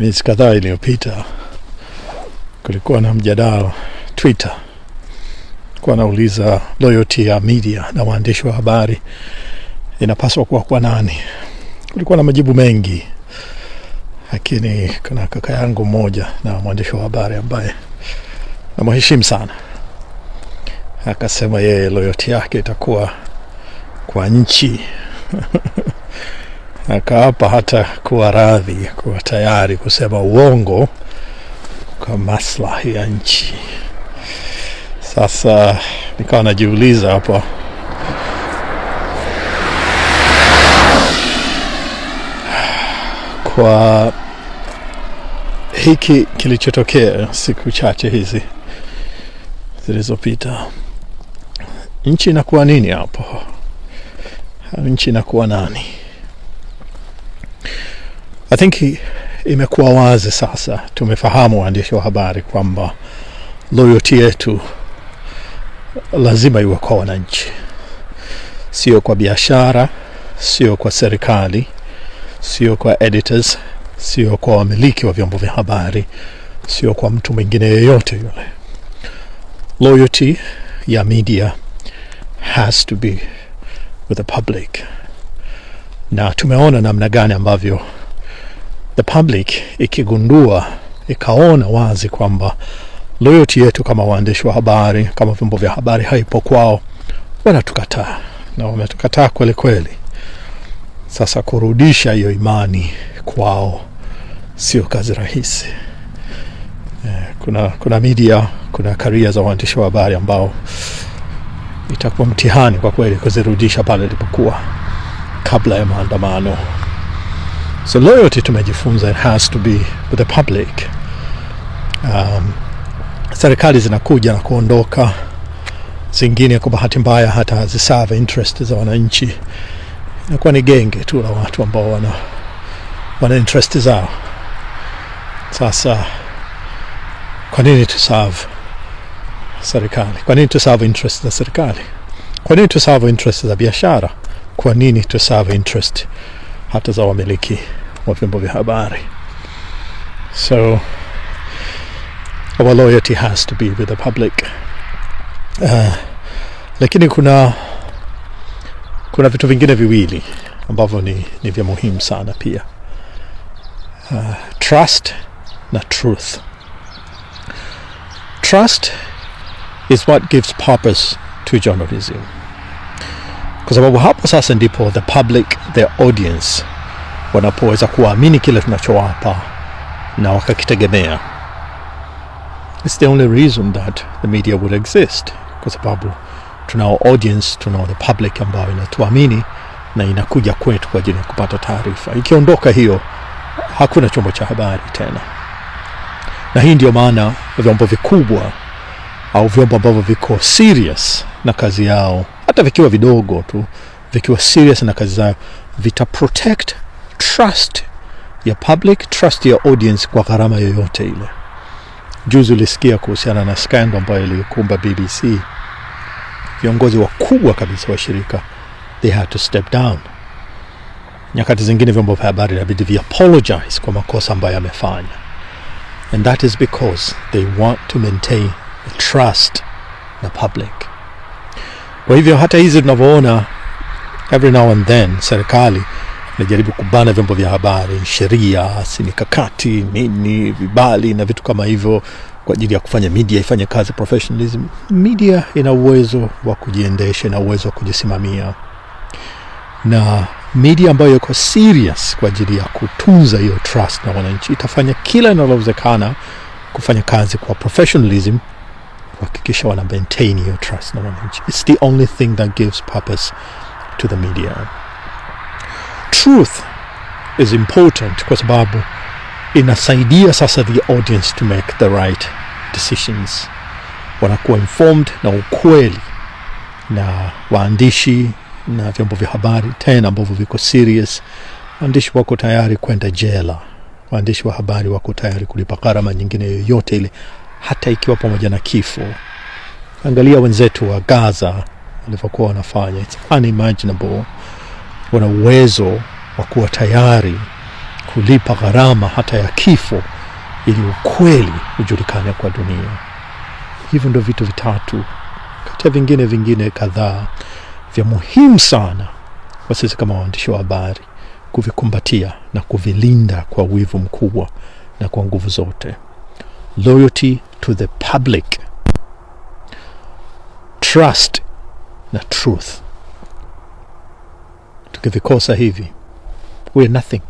miezi kadhaa iliyopita kulikuwa na mjadala Twitter, kuwa nauliza loyalty ya media na waandishi wa habari inapaswa kuwa kwa nani. Kulikuwa na majibu mengi, lakini kuna kaka yangu mmoja na mwandishi wa habari ambaye namwheshimu sana, akasema yeye loyoti yake itakuwa kwa nchi akaapa hata kuwa radhi kuwa tayari kusema uongo kwa maslahi ya nchi. Sasa nikawa najiuliza hapa, kwa hiki kilichotokea siku chache hizi zilizopita, nchi inakuwa nini hapo? Nchi inakuwa nani? I think imekuwa wazi sasa, tumefahamu waandishi wa habari kwamba loyalty yetu lazima iwe kwa wananchi, sio kwa biashara, sio kwa serikali, sio kwa editors, sio kwa wamiliki wa vyombo vya habari, sio kwa mtu mwingine yeyote yule. Loyalty ya media has to be with the public, na tumeona namna gani ambavyo the public ikigundua ikaona wazi kwamba loyalty yetu kama waandishi wa habari, kama vyombo vya habari haipo kwao, wanatukataa na wametukataa kweli kweli. Sasa kurudisha hiyo imani kwao sio kazi rahisi. Eh, kuna, kuna media, kuna karia za waandishi wa habari ambao itakuwa mtihani kwa kweli kuzirudisha pale ilipokuwa kabla ya maandamano. So loyalty tumejifunza has to be with the public. Um, serikali zinakuja na kuondoka, zingine kwa bahati mbaya hata haziserve interest za wananchi, inakuwa ni genge tu la watu ambao wana, wana interest zao. Sasa kwa nini tuserve serikali? Kwa nini tuserve interest za serikali? Kwa nini tuserve interest za biashara? Kwa nini tuserve interest hata za wamiliki wa vyombo vya habari. So our loyalty has to be with the public. Uh, lakini kuna kuna vitu vingine viwili ambavyo ni, ni vya muhimu sana pia uh, trust na truth. Trust is what gives purpose to journalism. kwa sababu hapo sasa ndipo the public, the audience wanapoweza kuwaamini kile tunachowapa na wakakitegemea. It's the only reason that the media would exist, kwa sababu tunao audience, tunao the public ambayo inatuamini na inakuja kwetu kwa ajili ya kupata taarifa. Ikiondoka hiyo, hakuna chombo cha habari tena, na hii ndio maana vyombo vikubwa au vyombo ambavyo viko serious na kazi yao hata vikiwa vidogo tu, vikiwa serious na kazi zao, vita protect trust ya public, trust ya audience kwa gharama yoyote ile. Juzi ulisikia kuhusiana na scandal ambayo ilikumba BBC. Viongozi wakubwa kabisa wa shirika they had to step down. Nyakati zingine vyombo vya habari inabidi vi apologize kwa makosa ambayo yamefanya, and that is because they want to maintain the trust the public. Kwa hivyo hata hizi tunavyoona every now and then, serikali inajaribu kubana vyombo vya habari, sheria, mikakati, nini, vibali na vitu kama hivyo kwa ajili ya kufanya media ifanye kazi professionalism. Media ina uwezo wa kujiendesha, ina uwezo wa kujisimamia, na media ambayo iko serious kwa ajili ya kutunza hiyo trust na wananchi itafanya kila inalowezekana kufanya kazi kwa professionalism kuhakikisha wana maintain hiyo trust na wananchi. It's the only thing that gives purpose to the media. Truth is important kwa sababu inasaidia sasa the audience to make the right decisions. Wanakuwa informed na ukweli, na waandishi na vyombo vya habari tena ambavyo viko serious, waandishi wako tayari kwenda jela, waandishi wa habari wako tayari kulipa gharama nyingine yoyote ile hata ikiwa pamoja na kifo. Angalia wenzetu wa Gaza walivyokuwa wanafanya, it's unimaginable. Wana uwezo wa kuwa tayari kulipa gharama hata ya kifo ili ukweli ujulikane kwa dunia. Hivyo ndo vitu vitatu kati ya vingine vingine kadhaa vya muhimu sana kwa sisi kama waandishi wa habari kuvikumbatia na kuvilinda kwa wivu mkubwa na kwa nguvu zote: loyalty to the public trust na truth. Tukivikosa hivi, we are nothing.